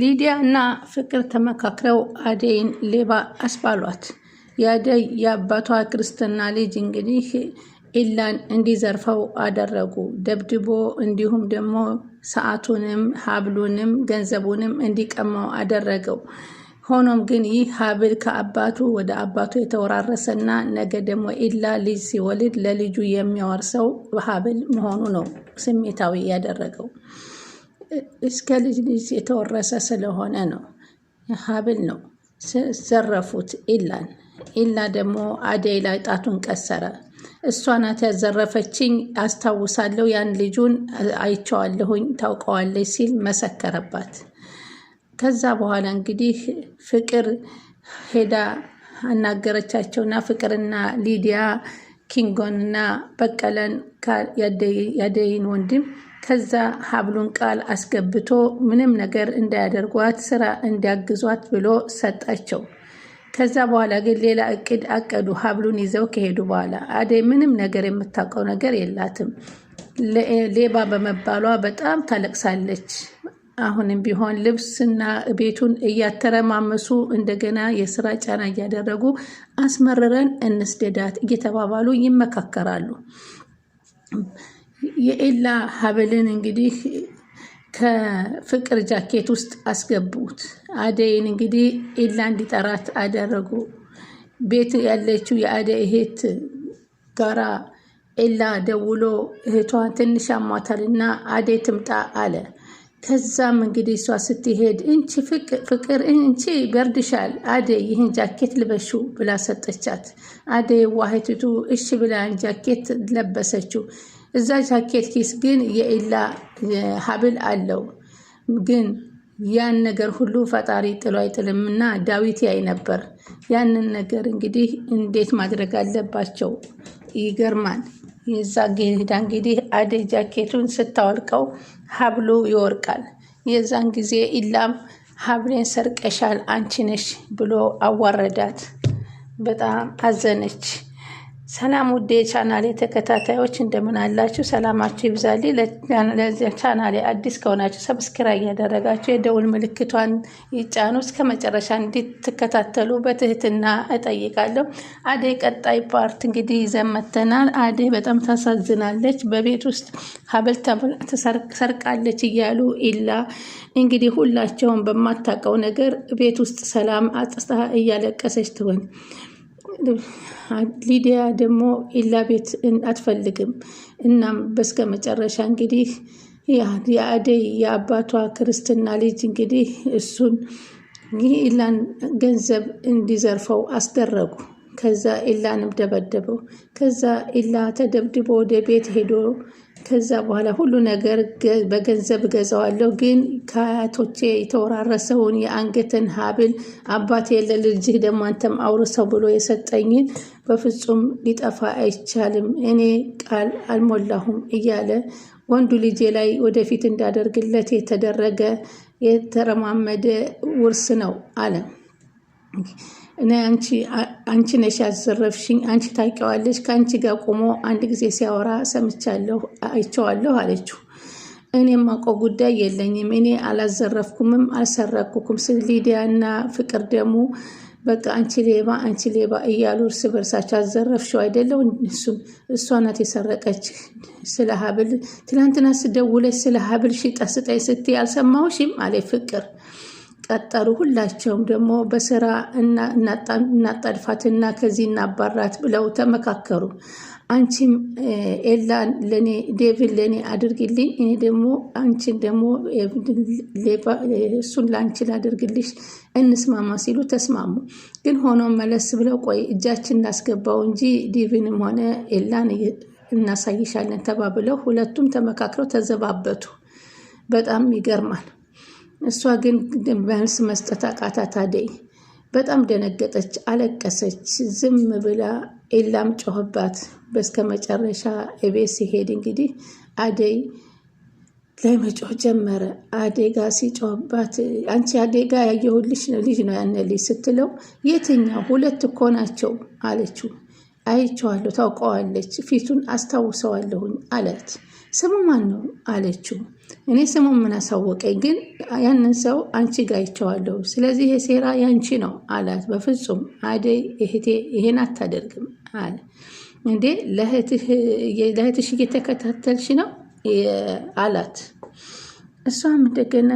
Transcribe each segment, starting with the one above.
ሊዲያ እና ፍቅር ተመካክረው አደይን ሌባ አስባሏት። የአደይ የአባቷ ክርስትና ልጅ እንግዲህ ኢላን እንዲዘርፈው አደረጉ። ደብድቦ እንዲሁም ደግሞ ሰዓቱንም ሀብሉንም ገንዘቡንም እንዲቀማው አደረገው። ሆኖም ግን ይህ ሀብል ከአባቱ ወደ አባቱ የተወራረሰና ነገ ደግሞ ኢላ ልጅ ሲወልድ ለልጁ የሚያወርሰው ሀብል መሆኑ ነው ስሜታዊ ያደረገው። እስከ ልጅ ልጅ የተወረሰ ስለሆነ ነው። ሀብል ነው ዘረፉት። ኢላን ኢላ ደግሞ አደይ ላይ ጣቱን ቀሰረ። እሷ ናት ያዘረፈችኝ፣ አስታውሳለሁ፣ ያን ልጁን አይቸዋለሁኝ፣ ታውቀዋለች ሲል መሰከረባት። ከዛ በኋላ እንግዲህ ፍቅር ሄዳ አናገረቻቸውና ፍቅርና ሊዲያ ኪንጎንና በቀለን ያደይን ወንድም ከዛ ሀብሉን ቃል አስገብቶ ምንም ነገር እንዳያደርጓት ስራ እንዲያግዟት ብሎ ሰጣቸው። ከዛ በኋላ ግን ሌላ እቅድ አቀዱ። ሀብሉን ይዘው ከሄዱ በኋላ አደይ ምንም ነገር የምታውቀው ነገር የላትም። ሌባ በመባሏ በጣም ታለቅሳለች። አሁንም ቢሆን ልብስና ቤቱን እያተረማመሱ እንደገና የስራ ጫና እያደረጉ አስመርረን እንስደዳት እየተባባሉ ይመካከራሉ። የኤላ ሀብልን እንግዲህ ከፍቅር ጃኬት ውስጥ አስገቡት። አደይን እንግዲህ ኤላ እንዲጠራት አደረጉ። ቤት ያለችው የአደይ እህት ጋራ ኤላ ደውሎ እህቷ ትንሽ አሟታልና አደይ ትምጣ አለ። ከዛም እንግዲህ እሷ ስትሄድ እንቺ ፍቅር እንቺ በርድሻል፣ አደይ ይህን ጃኬት ልበሹ ብላ ሰጠቻት። አደይ ዋህቲቱ እሺ ብላ ጃኬት ለበሰችው። እዛ ጃኬት ኪስ ግን የኢላ ሀብል አለው። ግን ያን ነገር ሁሉ ፈጣሪ ጥሎ እና ዳዊት ያይ ነበር። ያንን ነገር እንግዲህ እንዴት ማድረግ አለባቸው ይገርማል። የዛ ጌዳ እንግዲህ አደይ ጃኬቱን ስታወልቀው ሀብሉ ይወርቃል። የዛን ጊዜ ኢላም ሀብሌን ሰርቀሻል አንቺ ነሽ ብሎ አዋረዳት። በጣም አዘነች። ሰላም ውዴ ቻናሌ ተከታታዮች እንደምን አላችሁ? ሰላማችሁ ይብዛል ለዚህ ቻናሌ አዲስ ከሆናችሁ ሰብስክራይ እያደረጋችሁ የደውል ምልክቷን ይጫኑ። እስከ መጨረሻ እንድትከታተሉ በትህትና እጠይቃለሁ። አደይ ቀጣይ ፓርት እንግዲህ ይዘመተናል መጥተናል። አደይ በጣም ታሳዝናለች። በቤት ውስጥ ሀብል ሰርቃለች እያሉ ኢላ እንግዲህ ሁላቸውን በማታውቀው ነገር ቤት ውስጥ ሰላም አጥታ እያለቀሰች ትሆን ሊዲያ ደግሞ ኢላ ቤት አትፈልግም። እናም በስከ መጨረሻ እንግዲህ የአደይ የአባቷ ክርስትና ልጅ እንግዲህ እሱን ኢላን ገንዘብ እንዲዘርፈው አስደረጉ። ከዛ ኢላንም ደበደበው። ከዛ ኢላ ተደብድቦ ወደ ቤት ሄዶ ከዛ በኋላ ሁሉ ነገር በገንዘብ ገዛዋለሁ፣ ግን ከአያቶቼ የተወራረሰውን የአንገትን ሀብል አባቴ ልጅህ ደግሞ አንተም አውርሰው ብሎ የሰጠኝን በፍጹም ሊጠፋ አይቻልም፣ እኔ ቃል አልሞላሁም እያለ ወንዱ ልጄ ላይ ወደፊት እንዳደርግለት የተደረገ የተረማመደ ውርስ ነው አለ። እኔ አንቺ አንቺ ነሽ ያዘረፍሽኝ፣ አንቺ ታውቂዋለሽ። ከአንቺ ጋር ቆሞ አንድ ጊዜ ሲያወራ ሰምቻለሁ፣ አይቼዋለሁ አለችው። እኔ የማውቀው ጉዳይ የለኝም፣ እኔ አላዘረፍኩምም፣ አልሰረኩኩም ስ ሊዲያ እና ፍቅር ደግሞ በቃ አንቺ ሌባ፣ አንቺ ሌባ እያሉ እርስ በርሳቸው አዘረፍሽው አይደለው? እሱም እሷ ናት የሰረቀች። ስለ ሀብል ትላንትና ስደውለች ስለ ሀብል ሽጣ ስትይ አልሰማሁሽም አለ ፍቅር ቀጠሩ። ሁላቸውም ደግሞ በስራ እናጣድፋትና ከዚህ እናባራት ብለው ተመካከሩ። አንቺም ኤላ ለኔ ዴቪድ ለኔ አድርግልኝ፣ እኔ ደግሞ አንቺን ደግሞ እሱን ለአንቺ ላድርግልሽ እንስማማ ሲሉ ተስማሙ። ግን ሆኖም መለስ ብለው ቆይ እጃችን እናስገባው እንጂ ዴቪንም ሆነ ኤላን እናሳይሻለን ተባብለው ሁለቱም ተመካክረው ተዘባበቱ። በጣም ይገርማል። እሷ ግን መልስ መስጠት አቃታት። አደይ በጣም ደነገጠች፣ አለቀሰች። ዝም ብላ ኤላም ጮኸባት። በስከ መጨረሻ እቤት ሲሄድ እንግዲህ አደይ ላይ መጮህ ጀመረ። አደጋ ሲጮህባት አንቺ አደጋ ጋ ያየሁልሽ ልጅ ነው ያነ ልጅ ስትለው የትኛው ሁለት እኮ ናቸው አለችው። አይቼዋለሁ ታውቀዋለች፣ ፊቱን አስታውሰዋለሁኝ አላት። ስሙ ማን ነው አለችው። እኔ ስሙን ምን አሳወቀኝ፣ ግን ያንን ሰው አንቺ ጋ አይቼዋለሁ። ስለዚህ የሴራ ያንቺ ነው አላት። በፍጹም አደይ እህቴ ይሄን አታደርግም አለ። እንዴ ለእህትሽ እየተከታተልሽ ነው አላት። እሷም እንደገና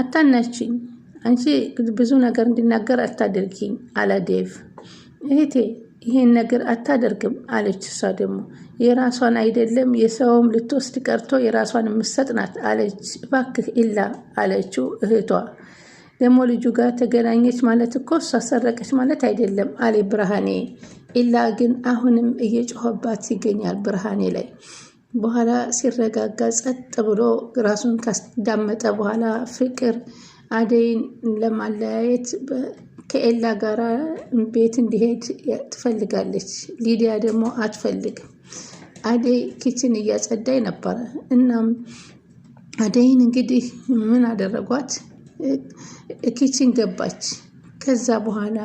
አታናችኝ፣ አንቺ ብዙ ነገር እንዲናገር አታደርጊኝ አላት ዴቭ እህቴ ይሄን ነገር አታደርግም አለች። እሷ ደግሞ የራሷን አይደለም የሰውም ልትወስድ ቀርቶ የራሷን የምትሰጥ ናት አለች። እባክህ ኢላ አለችው እህቷ። ደግሞ ልጁ ጋር ተገናኘች ማለት እኮ እሷ ሰረቀች ማለት አይደለም አለ ብርሃኔ። ኢላ ግን አሁንም እየጮኸባት ይገኛል ብርሃኔ ላይ። በኋላ ሲረጋጋ ጸጥ ብሎ ራሱን ካስዳመጠ በኋላ ፍቅር አደይን ለማለያየት ከኤላ ጋር ቤት እንዲሄድ ትፈልጋለች። ሊዲያ ደግሞ አትፈልግም። አደይ ኪችን እያጸዳይ ነበረ። እናም አደይን እንግዲህ ምን አደረጓት? ኪችን ገባች። ከዛ በኋላ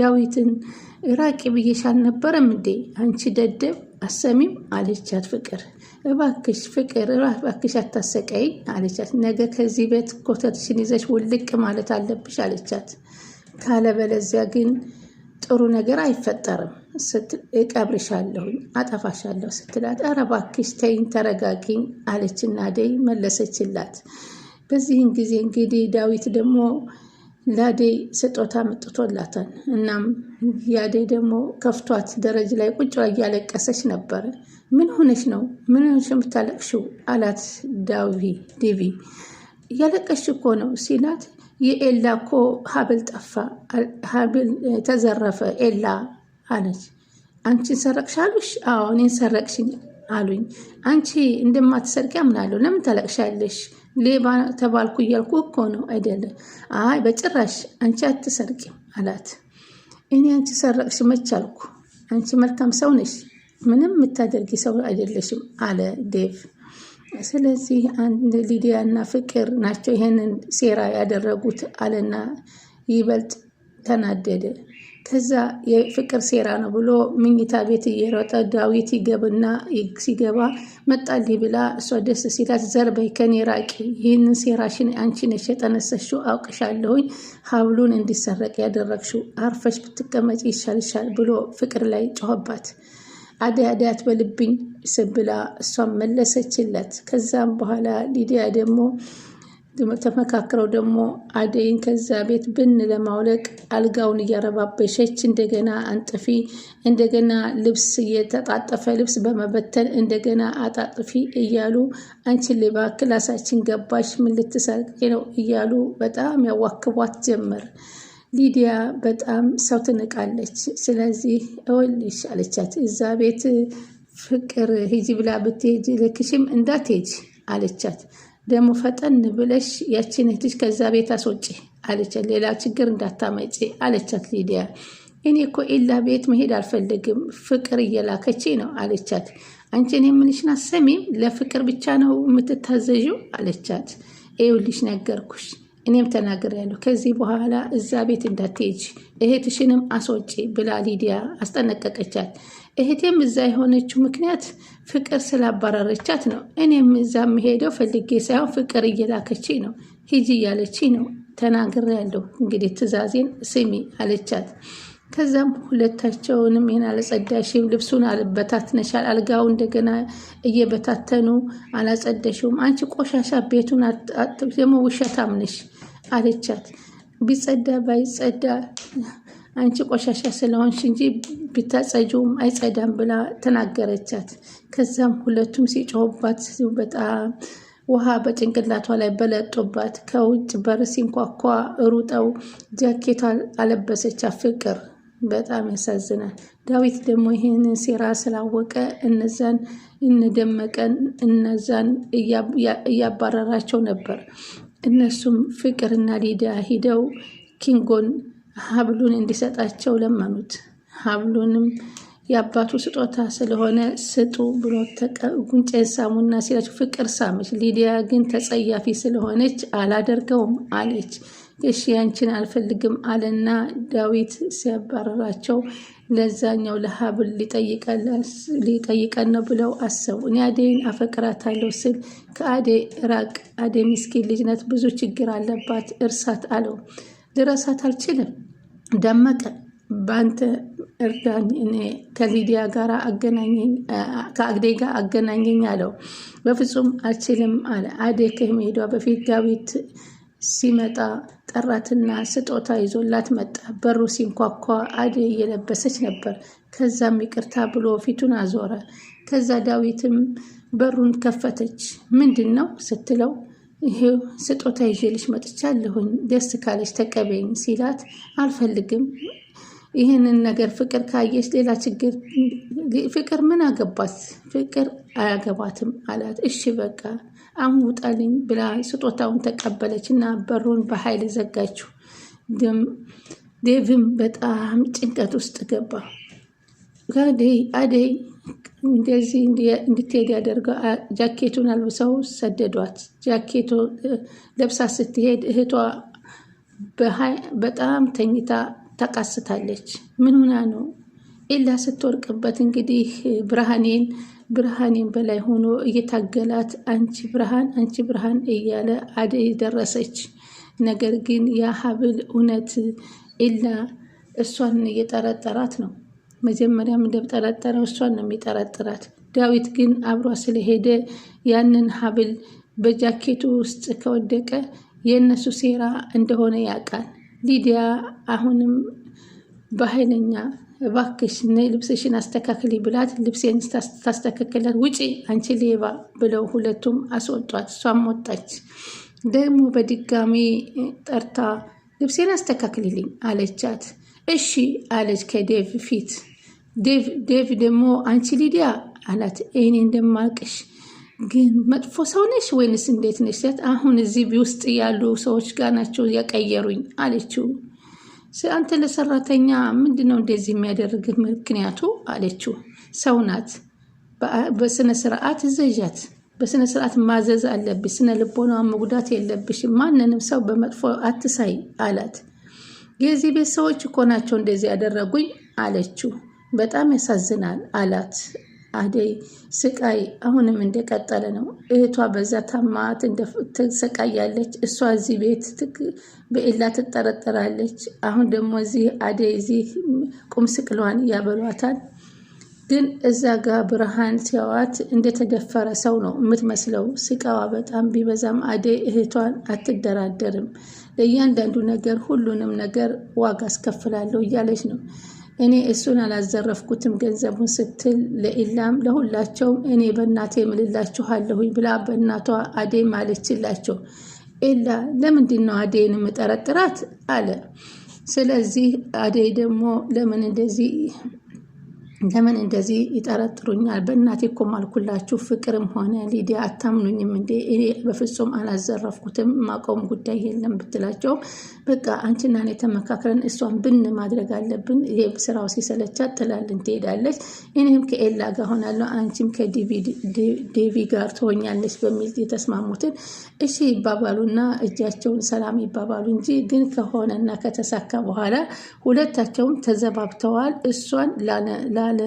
ዳዊትን ራቂ ብዬሽ አልነበረም እንዴ አንቺ ደደብ አሰሚም አለቻት። ፍቅር እባክሽ ፍቅር እባክሽ አታሰቀይ አለቻት። ነገ ከዚህ ቤት ኮተትሽን ይዘሽ ውልቅ ማለት አለብሽ አለቻት። ካለበለዚያ ግን ጥሩ ነገር አይፈጠርም ስትል እቀብርሻለሁኝ፣ አጠፋሻለሁ ስትላት ኧረ እባክሽ ተይኝ፣ ተረጋጊኝ አለችና አደይ መለሰችላት። በዚህን ጊዜ እንግዲህ ዳዊት ደግሞ ለአደይ ስጦታ ምጥቶላታል። እናም የአደይ ደግሞ ከፍቷት ደረጅ ላይ ቁጭ ላይ እያለቀሰች ነበረ። ምን ሆነች ነው ምን ሆነች የምታለቅሽው? አላት ዳዊ ዲቪ እያለቀሽ እኮ ነው ሲላት የኤላ እኮ ሀብል ጠፋ፣ ሀብል ተዘረፈ ኤላ አለች። አንቺን ሰረቅሽ አሉሽ? አዎ እኔን ሰረቅሽኝ አሉኝ። አንቺ እንደማትሰርቂ አምናለሁ። ለምን ታለቅሻለሽ? ሌባ ተባልኩ እያልኩ እኮ ነው አይደለም? አይ በጭራሽ አንቺ አትሰርቂም አላት። እኔ አንቺ ሰረቅሽ መች አልኩ? አንቺ መልካም ሰው ነሽ፣ ምንም የምታደርጊ ሰው አይደለሽም አለ ዴቭ። ስለዚህ አንድ ሊዲያ እና ፍቅር ናቸው ይህንን ሴራ ያደረጉት አለና ይበልጥ ተናደደ። ከዛ የፍቅር ሴራ ነው ብሎ ምኝታ ቤት እየሮጠ ዳዊት ይገብና ሲገባ መጣልህ ብላ እሷ ደስ ሲላት ዘርበይ ከኔ ራቂ፣ ይህንን ሴራሽን አንቺ ነሽ የጠነሰሽው፣ አውቅሻለሁኝ ሀብሉን እንዲሰረቅ ያደረግሽው፣ አርፈሽ ብትቀመጭ ይሻልሻል ብሎ ፍቅር ላይ ጮኸባት። አደይ አደይ አትበልብኝ ስብላ እሷም መለሰችለት። ከዛም በኋላ ሊዲያ ደግሞ ተመካክረው ደግሞ አደይን ከዛ ቤት ብን ለማውለቅ አልጋውን እያረባበሸች እንደገና አንጥፊ፣ እንደገና ልብስ እየተጣጠፈ ልብስ በመበተን እንደገና አጣጥፊ እያሉ አንቺ ሌባ ክላሳችን ገባሽ ምን ልትሰርቂ ነው እያሉ በጣም ያዋክቧት ጀመር። ሊዲያ በጣም ሰው ትንቃለች። ስለዚህ እወልሽ አለቻት። እዛ ቤት ፍቅር ሂጂ ብላ ብትሄጅ ልክሽም እንዳትሄጅ አለቻት። ደግሞ ፈጠን ብለሽ ያችን እህትሽ ከዛ ቤት አስወጪ አለቻት። ሌላ ችግር እንዳታመጪ አለቻት ሊዲያ። እኔ እኮ ኢላ ቤት መሄድ አልፈልግም ፍቅር እየላከች ነው አለቻት። አንቺ እኔ የምልሽን አትሰሚም? ለፍቅር ብቻ ነው የምትታዘዥው አለቻት። ይኸውልሽ ነገርኩሽ እኔም ተናግሬያለሁ። ከዚህ በኋላ እዛ ቤት እንዳትሄጂ እህትሽንም አስወጪ ብላ ሊዲያ አስጠነቀቀቻት። እህቴም እዛ የሆነችው ምክንያት ፍቅር ስላባረረቻት ነው። እኔም እዛ የምሄደው ፈልጌ ሳይሆን ፍቅር እየላከች ነው፣ ሂጂ እያለች ነው። ተናግሬያለሁ፣ እንግዲህ ትዕዛዜን ስሚ አለቻት። ከዛም ሁለታቸውንም ይህን አላጸዳሽም፣ ልብሱን አልበታትነሻል፣ አልጋው እንደገና እየበታተኑ አላጸደሽውም፣ አንቺ ቆሻሻ ቤቱን ደግሞ ውሸታም ነሽ አለቻት። ቢጸዳ ባይጸዳ አንቺ ቆሻሻ ስለሆንሽ እንጂ ብታጸጁም አይጸዳም ብላ ተናገረቻት። ከዛም ሁለቱም ሲጮሁባት በጣም ውሃ በጭንቅላቷ ላይ በለጦባት። ከውጭ በር ሲንኳኳ ሩጠው ጃኬቷ አለበሰቻት ፍቅር። በጣም ያሳዝናል። ዳዊት ደግሞ ይህን ሴራ ስላወቀ እነዛን እነደመቀን እነዛን እያባረራቸው ነበር። እነሱም ፍቅርና ሊዲያ ሂደው ኪንጎን ሀብሉን እንዲሰጣቸው ለመኑት። ሀብሉንም የአባቱ ስጦታ ስለሆነ ስጡ ብሎ ጉንጨን ሳሙና ሲላቸው ፍቅር ሳመች። ሊዲያ ግን ተጸያፊ ስለሆነች አላደርገውም አለች። እሺ ያንቺን አልፈልግም አለና ዳዊት ሲያባረራቸው ለዛኛው ለሀብል ሊጠይቀን ነው ብለው አሰቡ። እኔ አፈቅራት አፈቅራታለሁ ስል ከአዴ ራቅ፣ አዴ ምስኪን ልጅ ናት፣ ብዙ ችግር አለባት፣ እርሳት አለው። ልረሳት አልችልም ደመቀ በአንተ እርዳኝ፣ እኔ ከሊዲያ ጋር አገናኘኝ፣ ከአግዴ ጋር አገናኘኝ አለው። በፍጹም አልችልም አለ አዴ ከመሄዷ በፊት ዳዊት ሲመጣ ጠራትና ስጦታ ይዞላት መጣ። በሩ ሲንኳኳ አደይ እየለበሰች ነበር። ከዛም ይቅርታ ብሎ ፊቱን አዞረ። ከዛ ዳዊትም በሩን ከፈተች። ምንድን ነው ስትለው ይሄው ስጦታ ይዤልሽ መጥቻለሁኝ ደስ ካለች ተቀበይኝ ሲላት አልፈልግም ይህንን ነገር ፍቅር ካየች ሌላ ችግር ፍቅር ምን አገባት? ፍቅር አያገባትም አላት። እሺ በቃ አሁን ውጣልኝ ብላ ስጦታውን ተቀበለች እና በሩን በኃይል ዘጋችው። ዴቭም በጣም ጭንቀት ውስጥ ገባ። ጋዴ አደይ እንደዚህ እንድትሄድ ያደርገው ጃኬቱን አልብሰው ሰደዷት። ጃኬቱ ለብሳ ስትሄድ እህቷ በጣም ተኝታ ተቃስታለች። ምን ሆና ነው? ኤላ ስትወርቅበት እንግዲህ ብርሃኔን ብርሃኔም በላይ ሆኖ እየታገላት አንቺ ብርሃን አንቺ ብርሃን እያለ አደይ ደረሰች። ነገር ግን ያ እውነት ኢላ እሷን እየጠረጠራት ነው። መጀመሪያም እንደጠረጠረው እሷን ነው የሚጠረጥራት። ዳዊት ግን አብሯ ስለሄደ ያንን ሀብል በጃኬቱ ውስጥ ከወደቀ የእነሱ ሴራ እንደሆነ ያውቃል። ሊዲያ አሁንም በኃይለኛ እባክሽ ልብስሽን አስተካክሊ ብላት ልብሴን ታስተካክላት ውጪ አንቺ ሌባ ብለው ሁለቱም አስወጧት። እሷም ወጣች። ደግሞ በድጋሚ ጠርታ ልብሴን አስተካክልልኝ አለቻት። እሺ አለች ከዴቭ ፊት። ዴቭ ደግሞ አንቺ ሊዲያ አላት። እኔ እንደማቅሽ ግን መጥፎ ሰው ነሽ ወይንስ እንዴት ነሽ? አሁን እዚህ ውስጥ ያሉ ሰዎች ጋር ናቸው ያቀየሩኝ አለችው። አንተ ለሰራተኛ ምንድን ነው እንደዚህ የሚያደርግ ምክንያቱ አለችው። ሰው ናት፣ በስነ ስርዓት እዘዣት። በስነ ስርዓት ማዘዝ አለብሽ። ስነ ልቦና መጉዳት የለብሽም። ማንንም ሰው በመጥፎ አትሳይ አላት። የዚህ ቤት ሰዎች እኮ ናቸው እንደዚህ ያደረጉኝ አለችው። በጣም ያሳዝናል አላት። አደይ ስቃይ አሁንም እንደቀጠለ ነው። እህቷ በዛ ታማት ትሰቃያለች። እሷ እዚህ ቤት በኢላ ትጠረጠራለች። አሁን ደግሞ እዚህ አደይ እዚህ ቁም ስቅሏን እያበሏታል። ግን እዛ ጋር ብርሃን ሲያዋት እንደተደፈረ ሰው ነው የምትመስለው። ስቃዋ በጣም ቢበዛም አደይ እህቷን አትደራደርም። ለእያንዳንዱ ነገር ሁሉንም ነገር ዋጋ አስከፍላለሁ እያለች ነው እኔ እሱን አላዘረፍኩትም ገንዘቡን ስትል ለኢላም ለሁላቸውም እኔ በእናቴ ምልላችኋለሁኝ ብላ በእናቷ አዴ ማለችላቸው። ኢላ ለምንድን ነው አዴን የምጠረጥራት አለ። ስለዚህ አዴ ደግሞ ለምን እንደዚህ ለምን እንደዚህ ይጠረጥሩኛል? በእናቴ እኮ ማልኩላችሁ፣ ፍቅርም ሆነ ሊዲያ አታምኑኝም እንዴ? እኔ በፍጹም አላዘረፍኩትም፣ ማቆም ጉዳይ የለም ብትላቸው በቃ አንቺና እኔ ተመካክረን እሷን ብን ማድረግ አለብን። ስራው ሲሰለቻት ጥላልን ትሄዳለች። እኔም ከኤላ ጋር ሆናለሁ፣ አንቺም ከዴቪ ጋር ትሆኛለች በሚል የተስማሙትን እሺ ይባባሉና እጃቸውን ሰላም ይባባሉ እንጂ ግን ከሆነና ከተሳካ በኋላ ሁለታቸውም ተዘባብተዋል። እሷን ላለ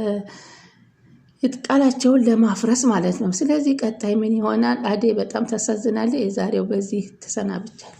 ቃላቸውን ለማፍረስ ማለት ነው። ስለዚህ ቀጣይ ምን ይሆናል? አዴ በጣም ተሳዝናለ የዛሬው በዚህ ተሰናብቻለሁ።